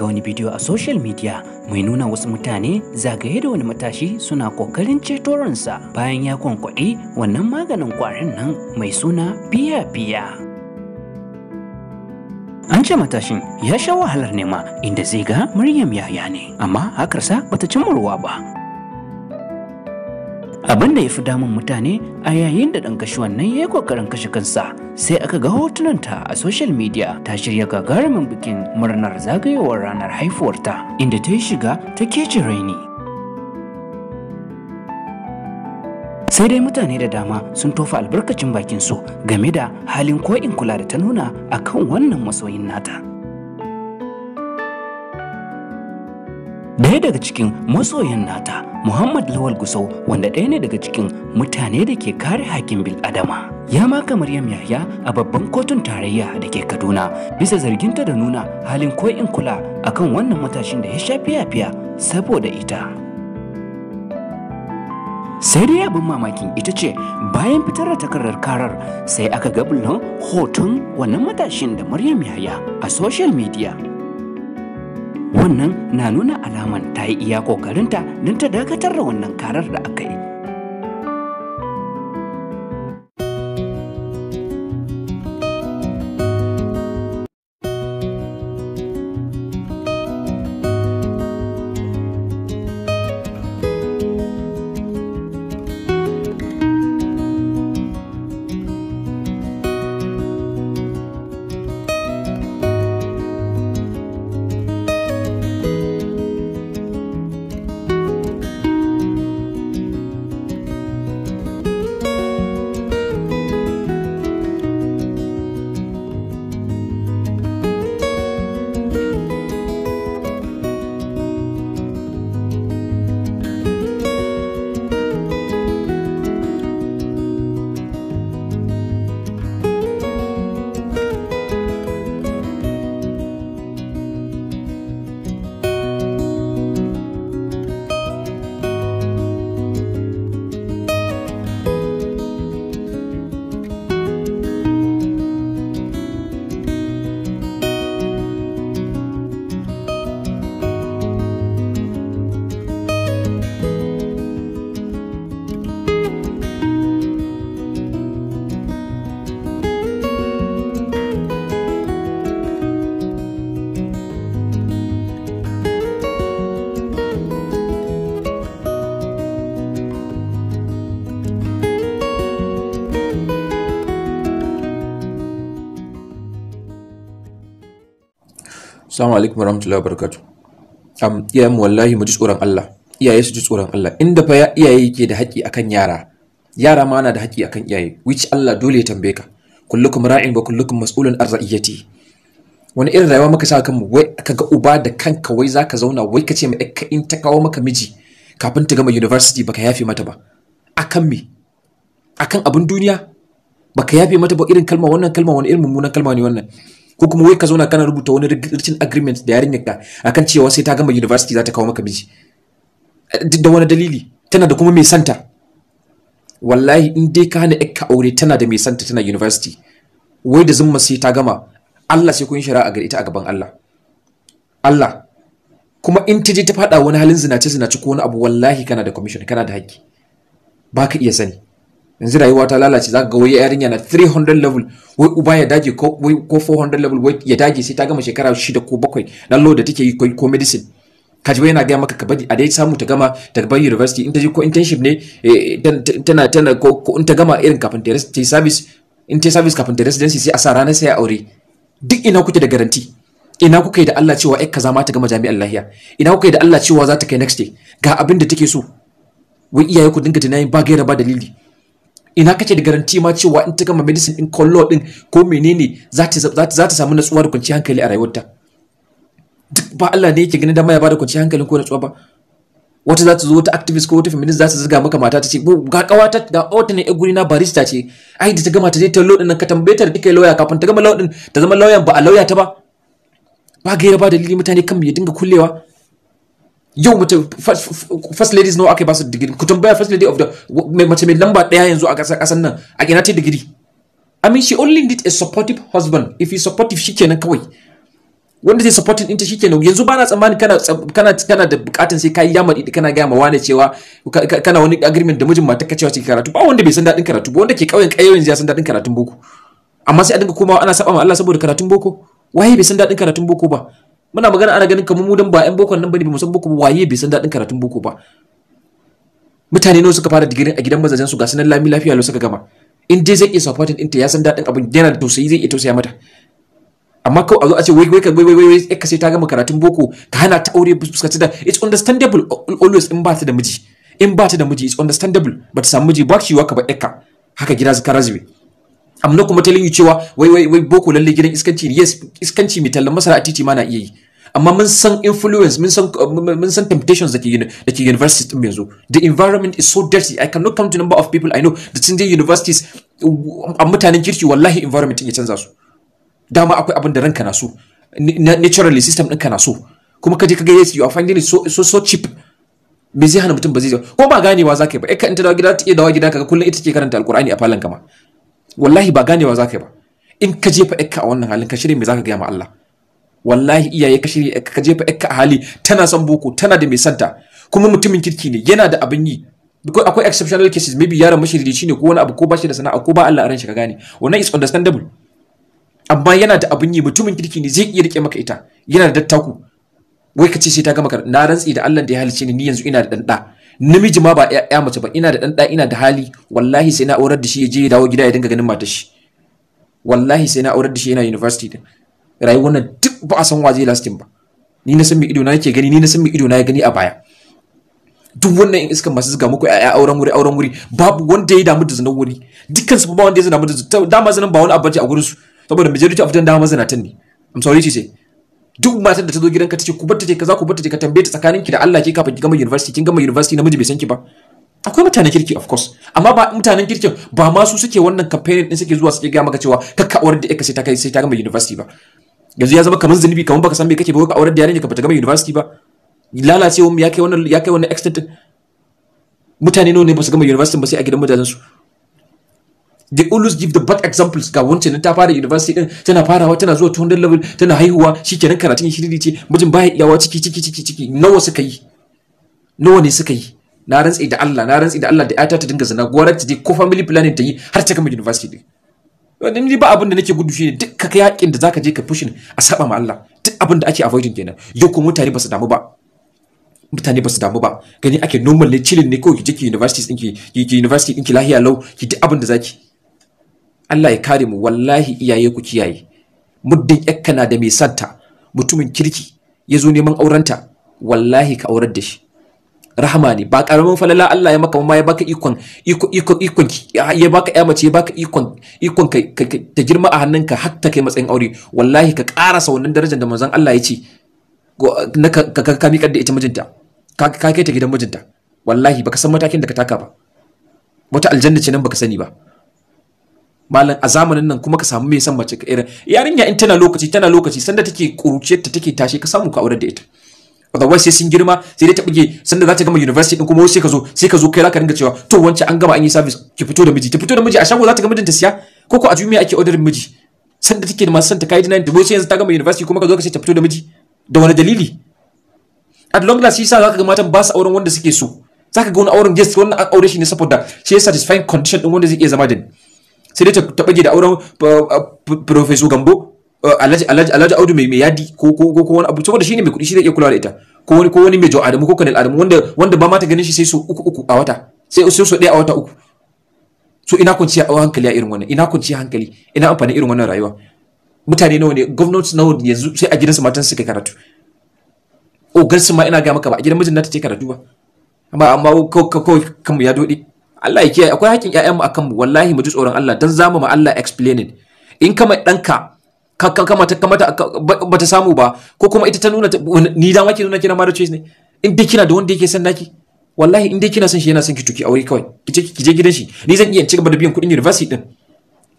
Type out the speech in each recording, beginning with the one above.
ga wani bidiyo a social media mai nuna wasu mutane zagaye da wani matashi suna kokarin ceto ransa bayan ya kwankwaɗi wannan maganin kwarin nan mai suna biya-biya. An ce matashin ya sha wahalar nema inda zai ga Maryam yaya ne, amma hakarsa bata cimma ruwa ba. abin da ya fi damun mutane a yayin da ɗan kashuwan wannan ya yi kokarin kashe kansa sai aka ga hotunanta a social media ta shirya gagarumin bikin murnar zagayowar ranar haifuwarta inda ta yi shiga ta kece raini sai dai mutane da dama sun tofa albarkacin bakinsu game da halin ko'in kula da ta nuna akan wannan masoyin nata Daya daga cikin masoyan nata, Muhammad Lawal Gusau, wanda ɗaya ne daga cikin mutane da ke kare hakin bil Adama. Ya maka Maryam Yahya a babban kotun tarayya da ke Kaduna bisa zarginta da nuna halin in kula akan wannan matashin da ya sha fiya saboda ita. sai dai abin mamakin ita ce bayan fitar da takardar karar sai aka ga hoton wannan matashin da maryam yahya a social media wannan na nuna alaman ta yi iya kokarinta don ta dakatar da wannan karar da aka yi Assalamu alaikum warahmatullahi wabarakatuh. Am iyayen mu wallahi mu ji tsoron Allah. Iyaye su ji tsoron Allah. Inda fa iyaye ke da haƙƙi akan yara. Yara ma na da haƙƙi akan iyaye. Which Allah dole ya tambaye ka. Kullukum ra'in wa kullukum mas'ulun an ra'iyati. Wani irin rayuwa muka sa kanmu wai ka ga uba da kanka wai zaka zauna wai ka ce mai ka in ta kawo maka miji kafin ta gama university baka yafe mata ba. Akan me? Akan abin duniya? Baka yafe mata ba irin kalma wannan kalma wani irin mummunan kalma ne wannan. ko kuma wai ka zauna kana rubuta wani written agreement da yarinyarka akan cewa sai ta gama university za ta kawo maka miji da wani dalili tana da kuma mai santa wallahi in dai ka hana ka aure tana da mai santa tana university wai da zumma sai ta gama Allah sai kun shari'a ga ita a gaban Allah Allah kuma in ta je ta faɗa wani halin zinace zinace ko wani abu wallahi kana da commission kana da haƙƙi ba ka iya sani yanzu rayuwa ta lalace za ka ga wai yarinya na 300 level wai uba ya dage ko wai ko 400 level wai ya dage sai ta gama shekara 6 ko 7 lallo da take yi ko medicine kaji wai yana gaya maka ka bari a dai samu ta gama ta bar university in ta je ko internship ne eh, tana tana ko in ta gama irin kafin ta yi service in ta yi service kafin ta residency sai a sa ranar sai a aure duk ina kuke da garanti ina kuke da Allah cewa ai kaza ma ta gama jami'an lahiya ina kuke da Allah cewa za ta kai next day ga abin da take so wai iyaye ku dinga tunanin ba gaira ba dalili ina kake da garanti ma cewa in ta gama medicine din kollo din ko menene za ta samu natsuwa da kwanciyar hankali a rayuwarta duk ba Allah ne yake ganin dama ya bada kwanciyar hankali ko natsuwa ba wata za ta zo wata activist ko wata feminist za ta zuga maka mata ta ce ga kawata ga wata ne iguri na barista ce ai da ta gama ta je ta lodin nan ka tambaye ta da lawyer kafin ta gama lodin ta zama lawyer ba a lawyer ta ba ba gaira ba dalili mutane kan ya dinga kullewa yau mutum first ladies nawa aka ba su digiri ku tambaya first lady of the mai mace mai lamba daya yanzu a kasar kasar nan a kina ta digiri i mean she only need a supportive husband if he supportive shikenan kawai wanda zai supportin ɗinta shikenan yanzu bana tsammani kana kana da bukatun sai kai yamma idi kana ga ma wane cewa kana wani agreement da mijin mata cewa cikin karatu ba wanda bai san dadin karatu ba wanda ke kauyen yanzu ya san dadin karatun boko amma sai a dinga komawa ana saba ma Allah saboda karatun boko waye bai san dadin karatun boko ba muna magana ana ganin kamar mu dan ba yan boko nan bane ba san boko ba waye bai san dadin karatun boko ba mutane nawa suka fara digirin a gidan mazajen su ga sanan lami lafiya lo suka gama in dai zai iya supporting ta ya san dadin abin yana da tausayi zai iya tausaya mata amma kawai a zo a ce wai wai wai wai wai ka sai ta gama karatun boko ka hana ta aure fuskanci da it's understandable always in ba ta da miji in ba ta da miji it's understandable but samu miji ba ka ba eka haka gida zaka raziwe amma kuma ta you cewa wai wai wai boko lalle gidan iskanci ne yes iskanci mai tallan masara a titi ma na iya yi amma mun san influence mun san mun san temptations dake dake university din yanzu the environment is so dirty i cannot come to number of people i know da sun je universities a mutanen kirki wallahi environment ya canza su dama akwai abin da ranka na so naturally system ɗinka na so kuma kaje kaga yes you are finding it so so, so cheap me zai hana mutum ba zai ko ba ganewa zakai yi ba ka in ta dawo gida ta iya dawo gida kaga kullun ita ce karanta alkur'ani a falon kama wallahi ba ganewa za ka yi ba in ka jefa yakka a wannan halin ka shirya me za ka gaya ma Allah wallahi iyaye ka shirya ka jefa yakka a hali tana son boko tana da mai santa kuma mutumin kirki ne yana da abin yi because akwai exceptional cases maybe yaron mashirici ne ko wani abu ko ba shi da sana'a ko ba Allah a ran shi ka gane wannan is understandable amma yana da abin yi mutumin kirki ne zai iya rike maka ita yana da dattaku wai ka ce sai ta gama na rantsi da Allah da ya halicce ni yanzu ina da dan da namiji ma ba ya mace ba ina da ɗan ina da hali wallahi sai na aurar da shi ya je ya dawo gida ya dinga ganin matar shi wallahi sai na aurar da shi yana university din rayuwar nan duk ba a san wa zai lasting ba ni na san mai ido na yake gani ni na san mai ido na ya gani a baya duk wannan in iskan masu zuga muku ya auren wuri auren wuri babu wanda ya damu da zanen wuri dukkan su ba wanda ya damu da dama zanen ba wani abaji a gurin su saboda majority of them dama mazinatan ne I'm sorry to say duk matar da ta zo gidanka tace ku bar ta ce kaza ku bar ta ce ka tambaye ta tsakanin ki da Allah ke kafin ki gama university kin gama university namiji bai san ki ba akwai mutanen kirki of course amma ba mutanen kirkin ba ma su suke wannan campaign din suke zuwa suke ga maka cewa ka aurar da ka sai ta kai sai ta gama university ba yanzu ya zama kamar zunubi kamar baka san me kake ba ka aurar da yarinya ka ta gama university ba lalacewa ya kai wannan ya kai wannan extent mutane nawa ne ba su gama university ba sai a gidan mutanen su they always give the bad examples ga wancan ta fara university din tana farawa tana zuwa 200 level tana haihuwa shikenan karatun shiriri ce mijin baya iyawa ciki ciki ciki ciki nawa suka yi nawa ne suka yi na rantsi da Allah na rantsi da Allah da ta dinga zina gwara ta je ko family planning ta yi har ta gama university din wannan ni ba abin da nake gudu shine duk ka yakin da zaka je ka pushin a saba ma Allah duk abin da ake avoiding kenan yau ko mutane ba su damu ba mutane ba su damu ba gani ake normal ne chilling ne ko ki je ki university din ki ki university din ki lahiya lau ki duk abin da zaki Allah ya kare mu wallahi iyaye ku kiyaye muddin yakka na da mai santa mutumin kirki ya zo neman aurenta wallahi ka aurar da shi rahama ne ba karamin falala Allah ya maka ma ya baka ikon ikon ikon ya baka ya mace ya baka ikon ikon kai ta girma a hannunka har ta kai matsayin aure wallahi ka karasa wannan darajar da manzon Allah ya ce ka ka miƙar da ita mijinta ka kai ta gidan mijinta wallahi baka san matakin da ka taka ba wata aljanna ce nan baka sani ba malam a zamanin nan kuma ka samu mai san mace ka irin yarinya in tana lokaci tana lokaci sanda take kuruce ta take tashi ka samu ka aure da ita otherwise sai sun girma sai dai ta bige sanda za ta gama university din kuma sai ka zo sai ka zo kai zaka ringa cewa to wancan an gama an yi service ki fito da miji ki fito da miji a shago za ta ga ta siya ko ko a jumiya ake order miji sanda take da masu son ta kai dinan da sai yanzu ta gama university kuma ka zo ka ce ta fito da miji da wani dalili at long last yasa zaka ga matan ba su auren wanda suke so zaka ga wani auren yes wannan an aure shi ne saboda shi satisfying condition din wanda zai iya zama da ni sai dai ta bage da auren professor gambo alhaji audu mai yadi ko wani abu saboda shine mai kuɗi shi zai iya kulawa da ita ko wani ko wani mai jo adamu ko kanil adamu wanda wanda ba ma ta ganin shi sai su uku uku a wata sai su su ɗaya a wata uku so ina kunci a hankali a irin wannan ina a hankali ina amfani irin wannan rayuwa mutane nawa ne gwamnati nawa yanzu sai a gidansu matan suka karatu ogar oh, su ma ina ga maka ba a gidan mijin na ta ce karatu ba amma amma kawai kan ya dode Allah ya kiyaye akwai haƙƙin mu akan mu wallahi mu ji tsoron Allah dan zamu ma Allah explaining in kama ɗanka, ka kamata kamata bata samu ba ko kuma ita ta nuna ni da wake nuna kina ma da choice ne in dai kina da wanda yake son naki wallahi in dai kina son shi yana son ki tuki aure kawai ki je ki je gidan shi ni zan iya in cigaba da biyan kuɗin university din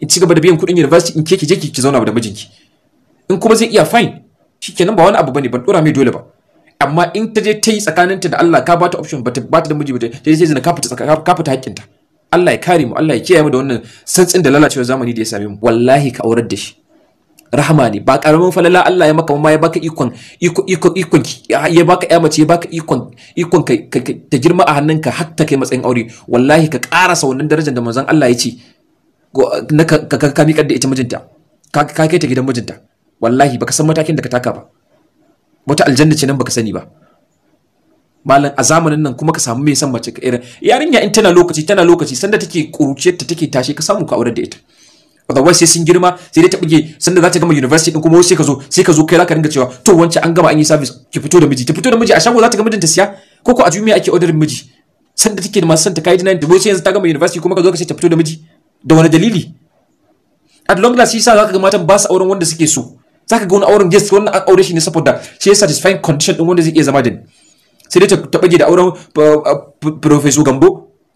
in cigaba da biyan kuɗin university in ke ki je ki zauna da mijinki in kuma zai iya fine shikenan ba wani abu bane ban dora mai dole ba amma in ta je ta yi tsakaninta da Allah ka ba ta option ba ta da miji ba ta je zina ka fita ka haƙƙinta Allah ya kare mu Allah ya kiyaye mu da wannan santsin da lalacewar zamani da ya same mu wallahi ka aurar da shi rahama ne ba karamin falala Allah ya maka ma ya baka ikon iko iko ikon ya baka ya mace ya baka ikon ikon kai ta girma a hannunka har ta kai matsayin aure wallahi ka karasa wannan darajar da manzon Allah ya ce na ka ka miƙar da ita mijinta ka kai ta gidan mijinta wallahi baka san matakin da ka taka ba wata aljanna ce nan baka sani ba malam a zamanin nan kuma ka samu mai san mace ka irin yarinya in tana lokaci tana lokaci sanda take kuruciyar ta take tashi ka samu ka aure da ita otherwise sai sun girma sai dai ta buge sanda za ta gama university din kuma sai ka zo sai ka zo kai zaka ka ringa cewa to wancan an gama an yi service ki fito da miji ta fito da miji a shago za ta ga mijinta siya ko ko a jumiya ake order miji sanda take da masu santa kai dinan da wai sai yanzu ta gama university kuma ka zo ka ce ta fito da miji da wani dalili at long last shi sa za ka ga matan ba su auren wanda suke so zaka ga wani auren yes wannan an aure shi ne saboda shi ya satisfying condition din wanda zai iya zama din sai dai ta bage da auren professor gambo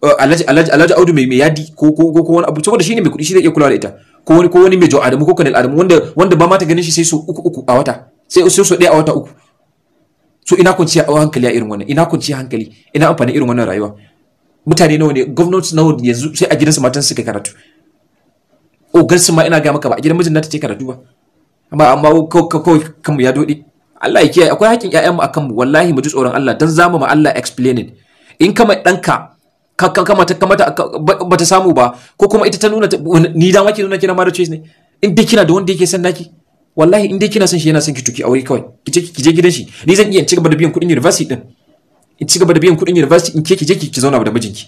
uh, alhaji alhaji audu mai yadi ko ko ko wani abu saboda shi ne mai kuɗi shi zai iya kulawa da ita ko wani ko wani mai jo adamu ko kanil adamu wanda wanda ba ma ta ganin shi sai su uku uku a wata sai sai so ɗaya a wata uku so ina kwanciya a hankali a irin wannan ina kwanciya hankali ina amfani irin wannan rayuwa mutane nawa ne gwamnati nawa ne yanzu sai a gidansu matan suka karatu ogar oh, su ma ina ga maka ba a gidan mijin nata ce karatu ba amma amma ko ko kanmu ya dodi Allah ya kiyaye akwai hakkin ƴaƴanmu akan mu wallahi mu ji tsoron Allah dan zamu ma Allah explaining in kama danka ka kamata kamata bata samu ba ko kuma ita ta nuna ni da wake nuna kina mara choice ne in dai kina da wanda yake san naki wallahi in dai kina son shi yana son ki tuki aure kawai ki je gidan shi ni zan iya in gaba da biyan kudin university din in gaba da biyan kudin university in ke ki je ki zauna da mijinki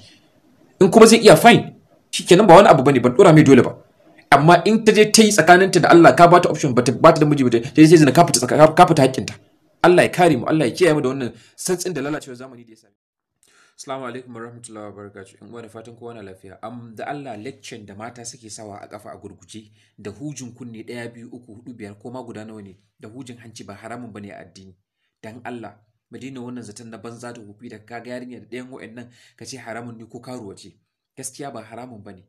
in kuma zai iya fine shikenan ba wani abu bane ban dora mai dole ba amma in ta je ta yi tsakaninta da Allah ka ba ta option ba ta ba ta da miji ba ta je zina kafa ta kafa ta haƙƙinta Allah ya kare mu Allah ya kiyaye mu da wannan santsin da lalacewar zamani da ya sami Assalamu alaikum warahmatullahi wabarakatuh in wani fatan kowa na lafiya am da Allah lecture da mata suke sawa a kafa a gurguje da hujin kunne ɗaya biyu uku hudu biyar ko guda nawa ne da hujin hanci ba haramun bane a addini dan Allah mu wannan zaton na banza da hufi da kaga yarinya da ɗayan wa'annan ka ce haramun ne ko karuwa ce gaskiya ba haramun bane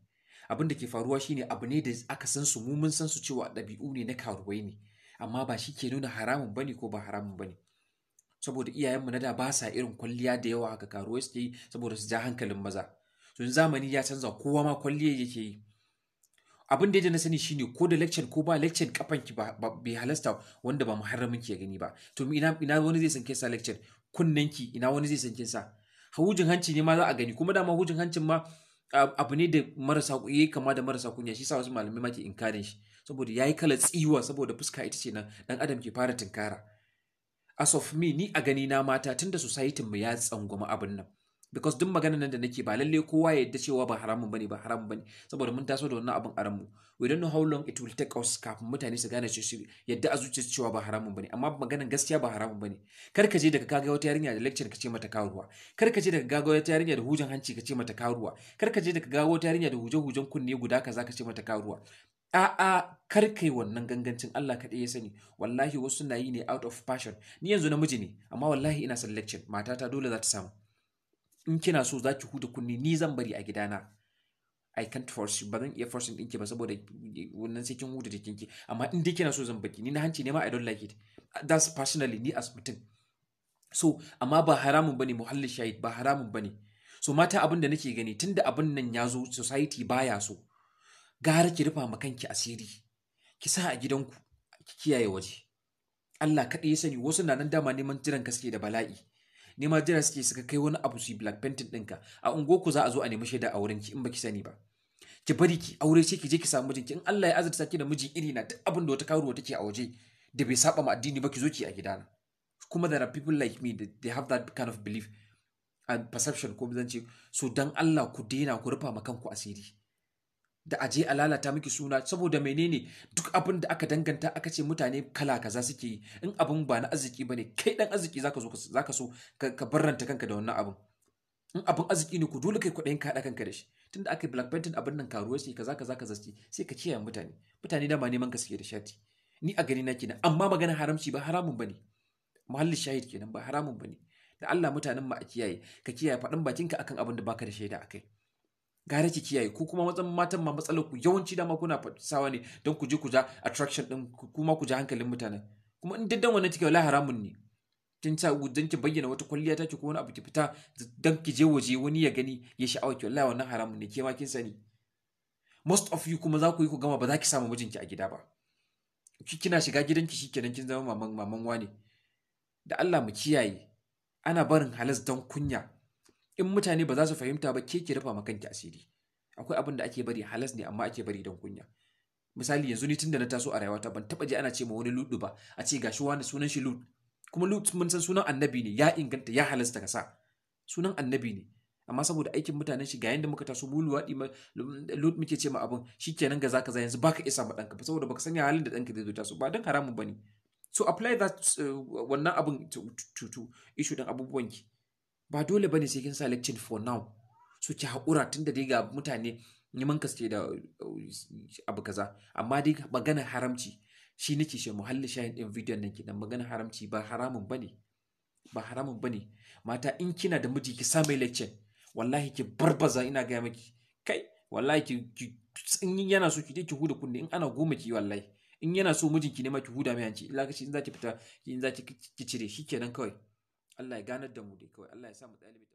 abin da ke faruwa shine abu ne da aka san su mu mun san su cewa ɗabi'u ne na karuwai ne amma ba shi ke nuna haramun bane ko ba haramun bane saboda iyayenmu na da ba sa irin kwalliya da yawa haka karuwai suke yi saboda su ja hankalin maza to zamani ya canza kowa ma kwalliya yake yi abin da ya na sani shine ko da lecture ko ba lecture ki ba bai halasta wanda ba muharramin ki ya gani ba to ina ina wani zai san sa lecture ki, ina wani zai san sa hujin hanci ne ma za a gani kuma dama hujin hancin ma abu ne da marasa yi kama da marasa kunya shi sa wasu malamai ma ke inkarin shi saboda ya yi kala tsiwa saboda fuska ita ce nan dan adam ke fara tinkara as of me ni a gani na mata tunda society mu ya tsangwama abin nan because duk maganar nan da nake ba lalle kowa ya yadda cewa ba haramun bane ba haramun bane saboda mun taso da wannan abin a ranmu we don't know how long it will take us kafin mutane su gane cewa yadda a zuciyarsu cewa ba haramun bane amma maganar gaskiya ba haramun bane kar ka je daga kaga wata yarinya da lecture ka ce mata karuwa kar ka je daga kaga wata yarinya da hujan hanci ka ce mata karuwa kar ka je daga kaga wata yarinya da hujan-hujan kunne guda kaza ka ce mata karuwa a'a kar kai wannan gangancin Allah kaɗai ya sani wallahi wasu na yi ne out of passion ni yanzu namiji ne amma wallahi ina son lecture matata dole za ta samu in kina so za ki huta kunni ni zan bari a gidana I can't force you ba zan iya din ɗinki ba saboda wannan sai kin huta ki amma in dai kina so zan baki ni na hanci ne ma I don't like it that's personally ni as mutum so amma ba haramun bane muhallin shahid ba haramun bane so mata abin da nake gani tunda abin nan ya zo society baya so gara ki rufa ma kanki asiri ki sa a gidanku ki kiyaye waje Allah kaɗai ya sani wasu na nan dama neman jiran kaske da bala'i nema jira suke suka kai wani abu su yi black painting ɗinka a ungoku za a zo a nemi shaida a wurinki in baki sani ba ki bari ki aure ce ki je ki samu mijinki in Allah ya azurta ki da miji iri na duk abin da wata karuwa take a waje da bai saba ma addini ba ki zo ki a gidana kuma there are people like me that they have that kind of belief and perception ko zan ce so dan Allah ku dena ku rufa ma ku asiri da aje a lalata miki suna saboda menene duk abin da aka danganta aka ce mutane kala kaza suke yi in abin ba na arziki bane kai dan arziki zaka zo zaka so ka barranta kanka da wannan abin in abin arziki ne ku dole kai kuɗin ka kanka da shi tunda aka black painting abin nan karuwa ce kaza kaza kaza ce sai ka kiyaye mutane mutane dama neman ka suke da shati ni a gani na kenan amma magana haramci ba haramun bane muhallin shahid kenan ba haramun bane da Allah mutanen mu a kiyaye ka kiyaye faɗin bakinka akan abin da baka da shaida akai gara ki kiyaye ko kuma matan matan ma matsalar ku yawanci dama kuna fasawa ne don ku je ku ja attraction din kuma ku ja hankalin mutane. kuma in daddan wannan take wallahi haramun ne tun sa dan ki bayyana wata kwalliya ta ki ko wani abu ki fita dan ki je waje wani ya gani ya sha'awa ki wallahi wannan haramun ne ke ma kin sani most of you kuma za ku yi ku gama ba za ki samu mijinki a gida ba kina shiga gidan gidanki shikenan kin zama maman maman wani da Allah mu kiyaye ana barin halas don kunya in mutane ba za su fahimta ba ke ke rufa ma kanki asiri akwai abin da ake bari halas ne amma ake bari don kunya misali yanzu ni tun da na taso a rayuwata ban taba ji ana ce ma wani ludu ba a ce gashi wani sunan shi lud kuma lud mun san sunan annabi ne ya inganta ya halasta ka sa sunan annabi ne amma saboda aikin mutanen shi ga yanda muka taso mu luwaɗi lud muke ce ma abin shikenan ga zaka za yanzu baka isa ma danka saboda baka sanya halin da danka zai zo taso ba don haramun bane so apply that uh, wannan abin to to issue din ki. ba dole bane sai kin sa lectin for now su ki haƙura tun da dai ga mutane neman ka da eh, abu kaza amma dai magana haramci shi nake shi muhalli shayin ɗin bidiyon nan kenan magana haramci ba haramun bane ba haramun bane mata in kina da miji ki sa mai lectin wallahi ki barbaza ina gaya maki kai wallahi ki in yana so ki je ki huda kunne in ana goma ki wallahi in yana so mijinki ne ma ki huda mai hanci illa kace in za ki fita in za ki cire shikenan kawai Allah ya ganar da mu dai kawai Allah ya sa mu ɗalibi